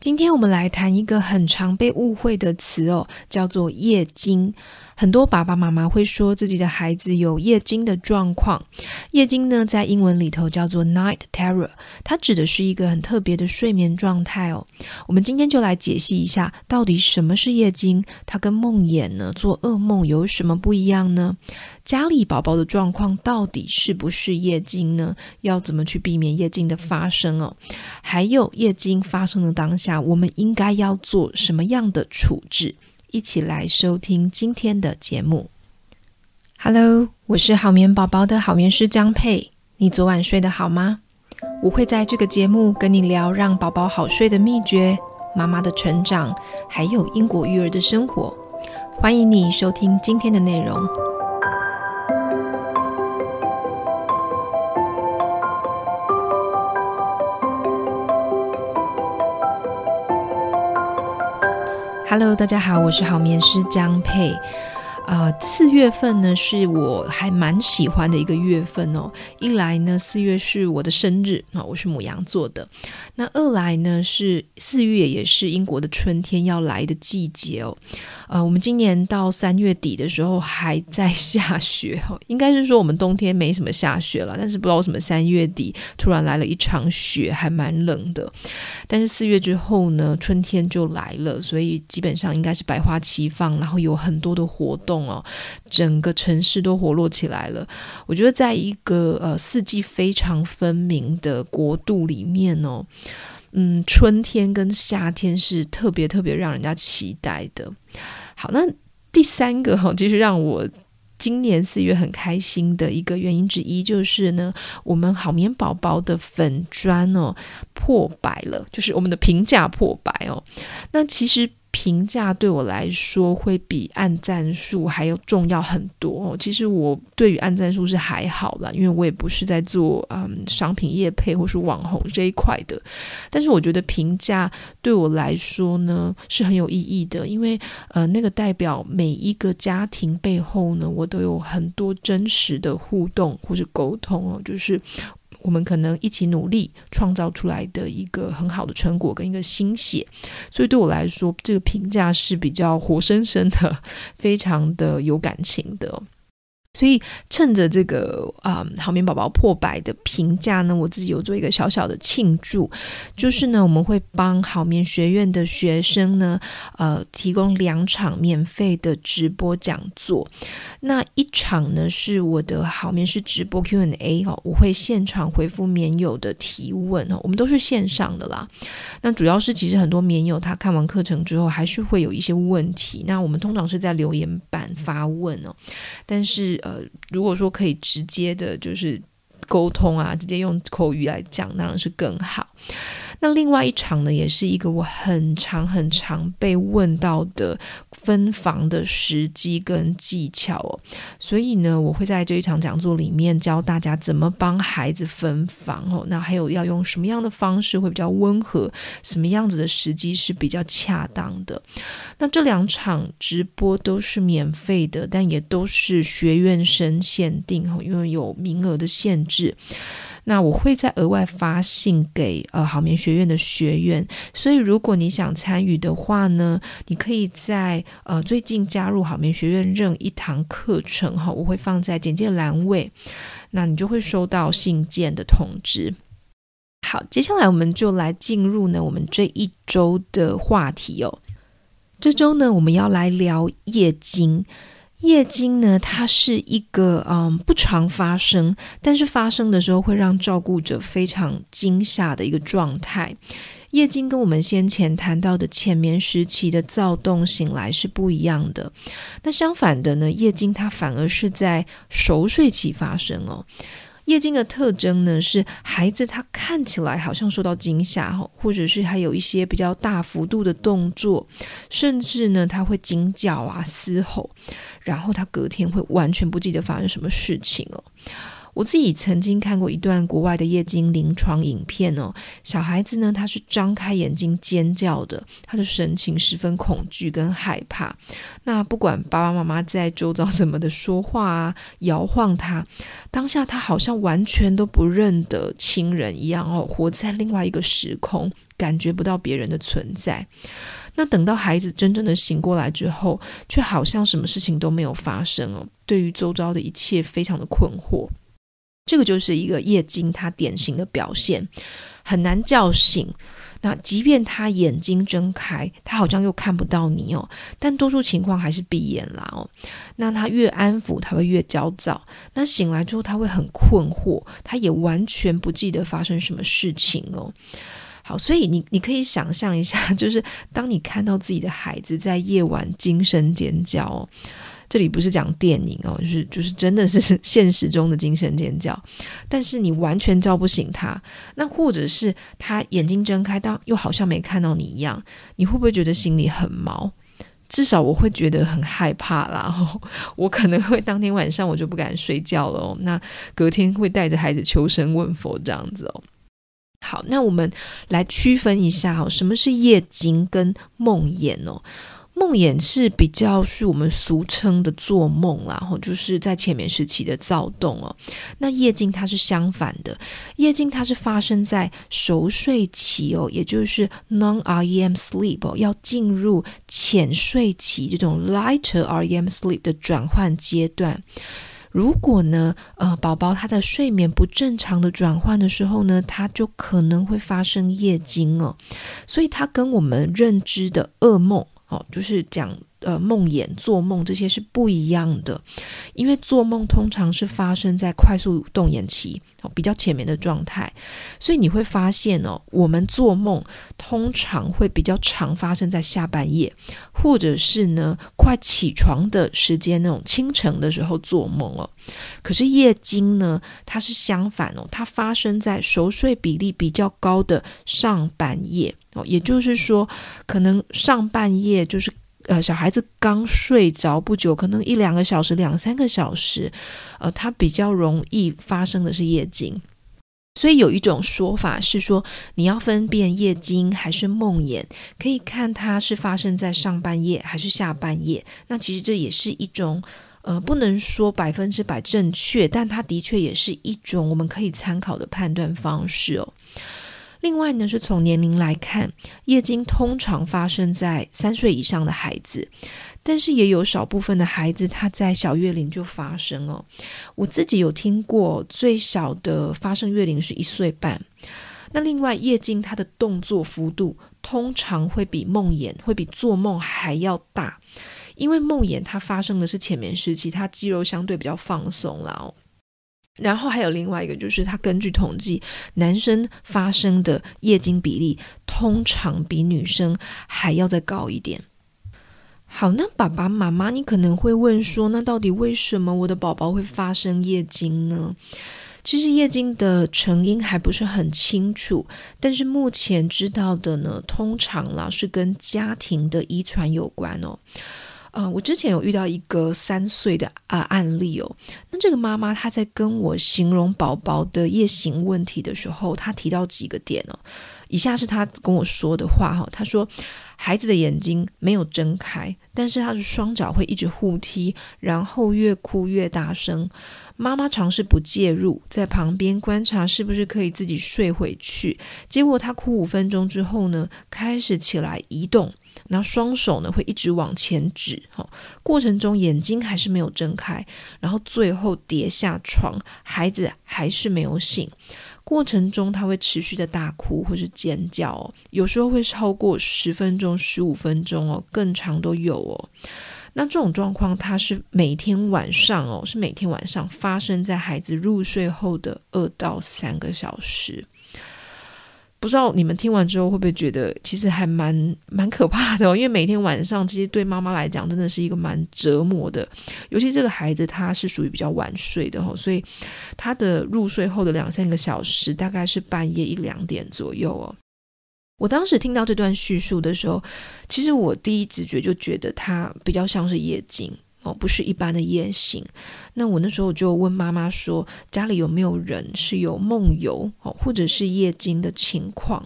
今天我們來談一個很常被誤會的詞哦，叫做夜驚。很多爸爸媽媽會說自己的孩子有夜驚的狀況。夜驚呢，在英文裡頭叫做 night terror，它指的是一個很特別的睡眠狀態哦。我們今天就來解析一下，到底什麼是夜驚？它跟夢魘呢，做噩夢有什麼不一樣呢？家裡寶寶的狀況到底是不是夜驚呢？要怎麼去避免夜驚的發生哦？還有夜驚發生的當下，我們應該要做什麼樣的處置？一起來收聽今天的節目。Hello，我是好眠寶寶的好眠師姜佩。你昨晚睡得好嗎？我會在這個節目跟你聊讓寶寶好睡的秘訣、媽媽的成長，還有英國育兒的生活。歡迎你收聽今天的內容。Hello，大家好，我是好眠師姜珮。啊、呃，四月份呢是我還蠻喜歡的一個月份哦。一來呢，四月是我的生日，啊、哦，我是牡羊座的。那二來呢，是四月也是英國的春天要來的季節哦。呃，我們今年到三月底的時候還在下雪哦，應該是說我們冬天沒什麼下雪了，但是不知道為什麼三月底突然來了一場雪，還蠻冷的。但是四月之後呢，春天就來了，所以基本上應該是百花齊放，然後有很多的活動。哦，整個城市都活絡起來了。我覺得，在一個呃四季非常分明的國度裡面哦，嗯，春天跟夏天是特別特別讓人家期待的。好，那第三個哈、哦，就是讓我今年四月很開心的一個原因之一就是呢，我們好眠寶寶的粉專哦破百了，就是我們的評價破百哦。那其實。評價對我來說會比按贊數還要重要很多。其實我對於按贊數是還好啦，因為我也不是在做嗯商品業配或是網紅這一塊的。但是我覺得評價對我來說呢是很有意義的，因為呃那個代表每一個家庭背後呢，我都有很多真實的互動或是溝通哦，就是。我們可能一起努力創造出來的一個很好的成果跟一個心血，所以對我來說，這個評價是比較活生生的，非常的有感情的。所以趁着這個啊、嗯、好眠寶寶破百的評價呢，我自己有做一個小小的慶祝，就是呢我們會幫好眠學院的學生呢呃提供兩場免費的直播講座。那一場呢是我的好眠師直播 Q&A 哦，我會現場回復免友的提問哦，我們都是線上的啦。那主要是其實很多免友他看完課程之後還是會有一些問題，那我們通常是在留言板發問哦，但是。呃，如果說可以直接的，就是溝通啊，直接用口語來講，當然是更好。那另外一場呢，也是一個我很常、很常被問到的分房的時機跟技巧哦。所以呢，我會在這一場講座裡面教大家怎麼幫孩子分房哦。那還有要用什麼樣的方式會比較溫和，什麼樣子的時機是比較恰當的？那這兩場直播都是免費的，但也都是學院生限定哦，因為有名額的限制。那我會再額外發信給呃好眠學院的學員，所以如果你想參與的話呢，你可以在呃最近加入好眠學院任一堂課程哈、哦，我會放在簡介欄位，那你就會收到信件的通知。好，接下來我們就來進入呢我們這一周的話題哦，這周呢我們要來聊夜驚。夜驚呢，它是一個嗯不常發生，但是發生的時候會讓照顧者非常驚嚇的一個狀態。夜驚跟我們先前談到的淺眠時期的躁動醒來是不一樣的。那相反的呢，夜驚它反而是在熟睡期發生哦。夜驚的特徵呢，是孩子他看起來好像受到驚嚇，或者是他有一些比較大幅度的動作，甚至呢他會驚叫啊、嘶吼，然後他隔天會完全不記得發生什麼事情哦。我自己曾經看過一段國外的夜驚臨床影片哦，小孩子呢，他是張開眼睛尖叫的，他的神情十分恐懼跟害怕。那不管爸爸媽媽在周遭什麼的說話啊、搖晃他，當下他好像完全都不認得親人一樣哦，活在另外一個時空，感覺不到別人的存在。那等到孩子真正的醒過來之後，卻好像什麼事情都沒有發生哦，對於周遭的一切非常的困惑。這個就是一個夜驚，他典型的表現，很難叫醒。那即便他眼睛睜開，他好像又看不到你哦。但多數情況還是閉眼啦哦。那他越安撫，他會越焦躁。那醒來之後，他會很困惑，他也完全不記得發生什麼事情哦。好，所以你你可以想象一下，就是當你看到自己的孩子在夜晚驚聲尖叫哦。這裡不是講電影哦，就是就是真的是現實中的驚聲尖叫，但是你完全叫不醒他，那或者是他眼睛睜開，但又好像沒看到你一樣，你會不會覺得心裡很毛？至少我會覺得很害怕啦，哦，我可能會當天晚上我就不敢睡覺了哦，那隔天會帶着孩子求神問佛這樣子哦。好，那我們來區分一下哦，什麼是夜驚跟夢魘哦？夢魘是比較是我們俗稱的做夢啦，吼，就是在淺眠時期的躁動哦。那夜驚它是相反的，夜驚它是發生在熟睡期哦，也就是 non REM sleep 哦，要進入淺睡期這種 lighter REM sleep 的轉換階段。如果呢，呃，寶寶他的睡眠不正常的轉換的時候呢，他就可能會發生夜驚哦。所以它跟我們認知的噩夢。哦，就是這樣。呃，夢魘、做夢這些是不一樣的，因為做夢通常是發生在快速動眼期哦，比較淺眠的狀態，所以你會發現哦，我們做夢通常會比較常發生在下半夜，或者是呢快起床的時間那種清晨的時候做夢哦。可是夜驚呢，它是相反哦，它發生在熟睡比例比較高的上半夜哦，也就是說，可能上半夜就是。呃，小孩子剛睡着不久，可能一兩個小時、兩三個小時，呃，他比較容易發生的是夜驚。所以有一種說法是說，你要分辨夜驚還是夢魘，可以看它是發生在上半夜還是下半夜。那其實這也是一種，呃，不能說百分之百正確，但它的確也是一種我們可以參考的判斷方式哦。另外呢，是從年齡來看，夜驚通常發生在三歲以上的孩子，但是也有少部分的孩子他在小月齡就發生哦。我自己有聽過最小的發生月齡是一歲半。那另外，夜驚它的動作幅度通常會比夢魘，會比做夢還要大，因為夢魘它發生的是淺眠時期，它肌肉相對比較放鬆啦哦。然後還有另外一個，就是他根據統計，男生發生的夜驚比例通常比女生還要再高一點。好，那爸爸媽媽，你可能會問說，那到底為什麼我的寶寶會發生夜驚呢？其實夜驚的成因還不是很清楚，但是目前知道的呢，通常老是跟家庭的遺傳有關哦。嗯，我之前有遇到一個三歲的啊案例哦，那這個媽媽她在跟我形容寶寶的夜醒問題的時候，她提到幾個點哦，以下是她跟我說的話哈、哦，她說孩子的眼睛沒有睜開，但是他的雙腳會一直互踢，然後越哭越大聲。媽媽嘗試不介入，在旁邊觀察是不是可以自己睡回去，結果她哭五分鐘之後呢，開始起來移動。然後雙手呢會一直往前指，哈、哦，過程中眼睛還是沒有睜開，然後最後跌下床，孩子還是沒有醒。過程中他會持續的大哭或是尖叫，有時候會超過十分鐘、十五分鐘哦，更長都有哦。那這種狀況，它是每天晚上哦，是每天晚上發生在孩子入睡後的二到三個小時。不知道你們聽完之後會不會覺得，其實還蠻蠻可怕的哦。因為每天晚上，其實對媽媽來講，真的是一個蠻折磨的。尤其這個孩子他是屬於比較晚睡的哈、哦，所以他的入睡後的兩三個小時，大概是半夜一兩點左右哦。我當時聽到這段敘述的時候，其實我第一直覺就覺得他比較像是夜驚。哦，不是一般的夜醒。那我那時候就問媽媽說，家裡有沒有人是有夢遊哦，或者是夜驚的情況？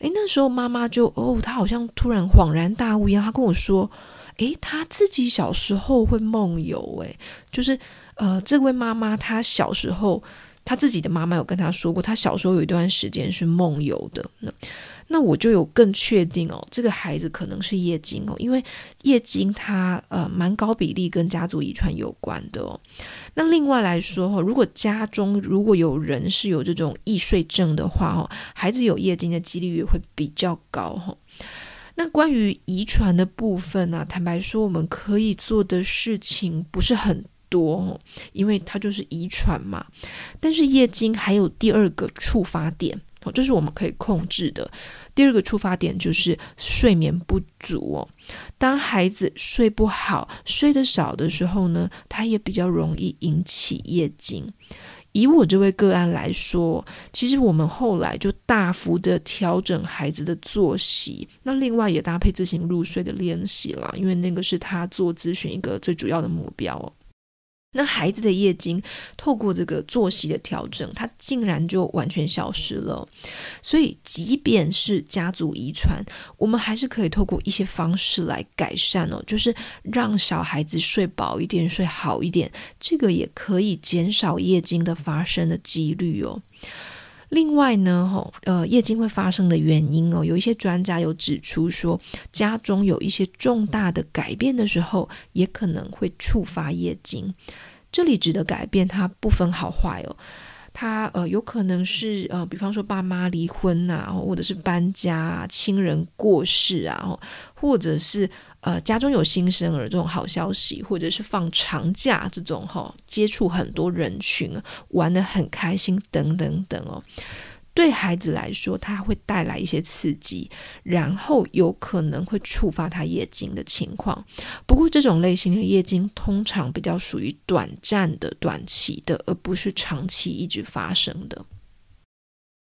誒，那時候媽媽就哦，她好像突然恍然大悟一樣，她跟我說，誒，她自己小時候會夢遊。誒，就是呃，這位媽媽她小時候。他自己的媽媽有跟他說過，他小時候有一段時間是夢遊的。那那我就有更確定哦，這個孩子可能是夜驚哦，因為夜驚它呃蠻高比例跟家族遺傳有關的哦。那另外來說哈、哦，如果家中如果有人是有這種易睡症的話哈、哦，孩子有夜驚的幾率也會比較高哈、哦。那關於遺傳的部分呢、啊，坦白說，我們可以做的事情不是很。多，因為它就是遺傳嘛。但是夜驚還有第二個觸發點，哦，這是我們可以控制的。第二個觸發點就是睡眠不足哦。當孩子睡不好、睡得少的時候呢，他也比較容易引起夜驚。以我這位個案來說，其實我們後來就大幅的調整孩子的作息，那另外也搭配自行入睡的練習了，因為那個是他做諮詢一個最主要的目標、哦。那孩子的夜驚，透過這個作息的調整，它竟然就完全消失了。所以，即便是家族遺傳，我們還是可以透過一些方式來改善哦，就是讓小孩子睡飽一點、睡好一點，這個也可以減少夜驚的發生的幾率哦。另外呢，吼呃，夜驚會發生的原因哦，有一些專家有指出說，家中有一些重大的改變的時候，也可能會觸發夜驚。這裡值得改變，它不分好壞哦。它呃，有可能是呃，比方說爸媽離婚吶、啊，或者是搬家、啊、親人過世啊，或者是呃家中有新生兒這種好消息，或者是放長假這種哈，接觸很多人群玩的很開心等等等哦。對孩子來說，他會帶來一些刺激，然後有可能會觸發他夜驚的情況。不過，這種類型的夜驚通常比較屬於短暫的、短期的，而不是長期一直發生的。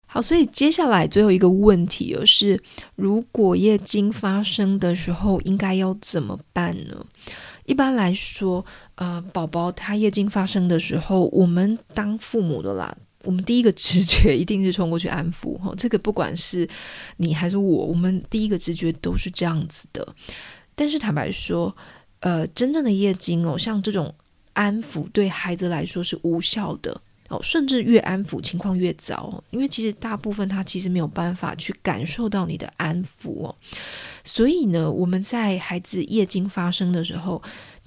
好，所以接下來最後一個問題，就是如果夜驚發生的時候，應該要怎麼辦呢？一般來說，呃，寶寶他夜驚發生的時候，我們當父母的啦。我們第一個直覺一定是衝過去安撫，哦，這個不管是你還是我，我們第一個直覺都是這樣子的。但是坦白說，呃，真正的夜驚哦，像這種安撫對孩子來說是無效的哦，甚至越安撫情況越糟，因為其實大部分他其實沒有辦法去感受到你的安撫哦。所以呢，我們在孩子夜驚發生的時候，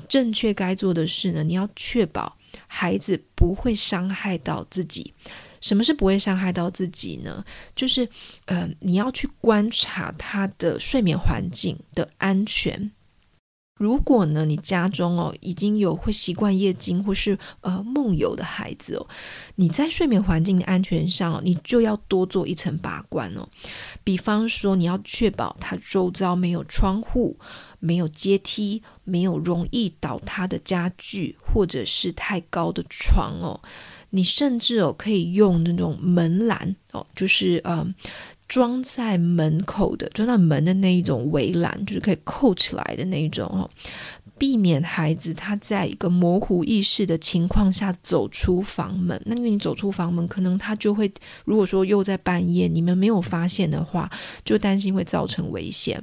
正確該做的事呢，你要確保。孩子不會傷害到自己。什麼是不會傷害到自己呢？就是，呃，你要去觀察他的睡眠環境的安全。如果呢，你家中哦已經有會習慣夜驚或是呃夢遊的孩子哦，你在睡眠環境的安全上哦，你就要多做一層把關哦。比方說，你要確保他周遭沒有窗戶。沒有階梯，沒有容易倒塌的家具，或者是太高的床哦。你甚至哦，可以用那種門欄哦，就是嗯，裝在門口的，裝在門的那一種圍欄，就是可以扣起來的那一種哦。避免孩子他在一個模糊意識的情況下走出房門。那因為你走出房門，可能他就會，如果說又在半夜，你們沒有發現的話，就擔心會造成危險。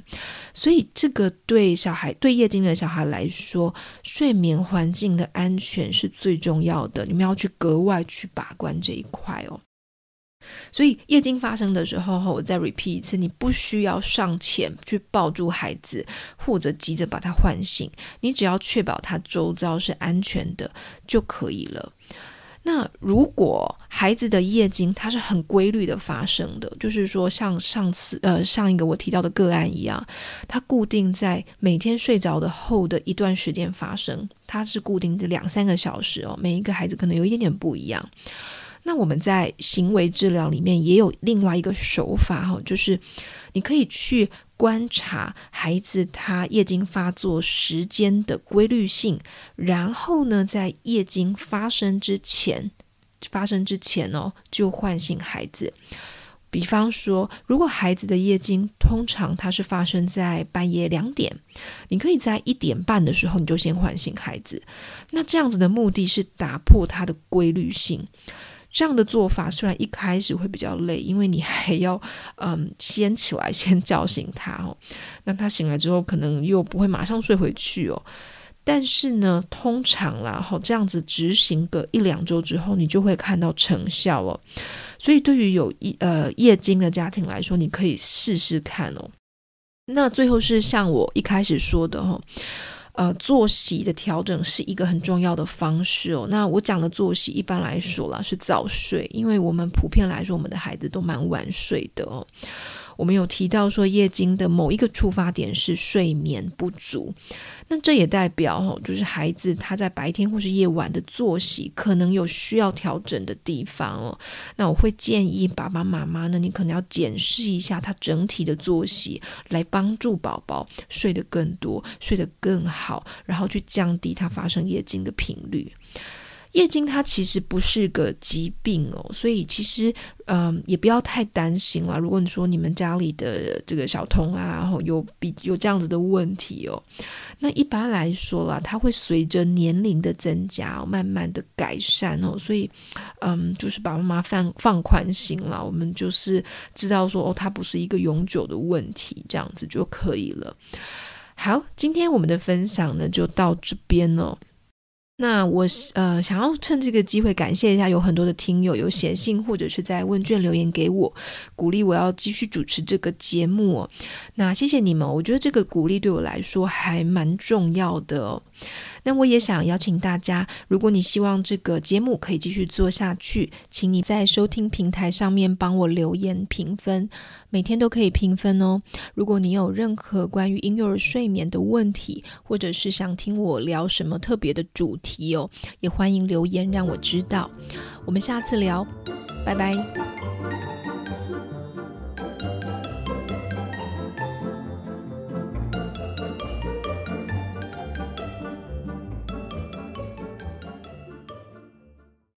所以，這個對小孩，對夜驚的小孩來說，睡眠環境的安全是最重要的。你們要去格外去把關這一塊哦。所以夜驚發生的時候，我再 repeat 一次，你不需要上前去抱住孩子或者急着把他喚醒，你只要確保他周遭是安全的就可以了。那如果孩子的夜驚它是很規律的發生的，的就是說像上次呃上一個我提到的個案一樣，它固定在每天睡着的後的一段時間發生，它是固定的兩三個小時哦，每一個孩子可能有一點點不一樣。那我們在行為治療裡面也有另外一個手法哈，就是你可以去觀察孩子他夜驚发作時間的規律性，然後呢，在夜驚发生之前，發生之前呢、哦，就喚醒孩子。比方說，如果孩子的夜驚通常它是發生在半夜兩點，你可以在一點半的時候你就先喚醒孩子。那這樣子的目的是打破它的規律性。這樣的做法雖然一開始會比較累，因為你還要嗯先起來先叫醒他哦，那他醒來之後可能又不會馬上睡回去哦。但是呢，通常啦，哦，這樣子執行個一兩周之後，你就會看到成效哦。所以對於有一呃夜驚的家庭來說，你可以試試看哦。那最後是像我一開始說的哦。呃，作息的調整是一個很重要的方式哦。那我講的作息，一般來說啦，嗯、是早睡，因為我們普遍來說，我們的孩子都蠻晚睡的哦。我們有提到說，夜驚的某一個出發點是睡眠不足。那這也代表吼，就是孩子他在白天或是夜晚的作息，可能有需要調整的地方哦。那我會建議爸爸媽媽呢，你可能要檢視一下他整體的作息，來幫助寶寶睡得更多、睡得更好，然後去降低他發生夜驚的頻率。夜驚它其實不是個疾病哦，所以其實嗯也不要太擔心啦。如果你說你們家裡的這個小童啊，然後有比有這樣子的問題哦，那一般來說啦，它會隨着年齡的增加哦，慢慢的改善哦，所以嗯就是爸爸媽媽放放寬心了。我們就是知道說哦，它不是一個永久的問題，這樣子就可以了。好，今天我們的分享呢就到這邊哦。那我呃想要趁這個機會感謝一下，有很多的聽友有寫信或者是在問卷留言給我，鼓勵我要繼續主持這個節目。那謝謝你們，我覺得這個鼓勵對我來說還蠻重要的哦。那我也想邀請大家，如果你希望這個節目可以繼續做下去，請你在收聽平台上面幫我留言評分，每天都可以評分哦。如果你有任何關於嬰幼兒睡眠的問題，或者是想聽我聊什麼特別的主題哦，也歡迎留言讓我知道。我們下次聊，拜拜。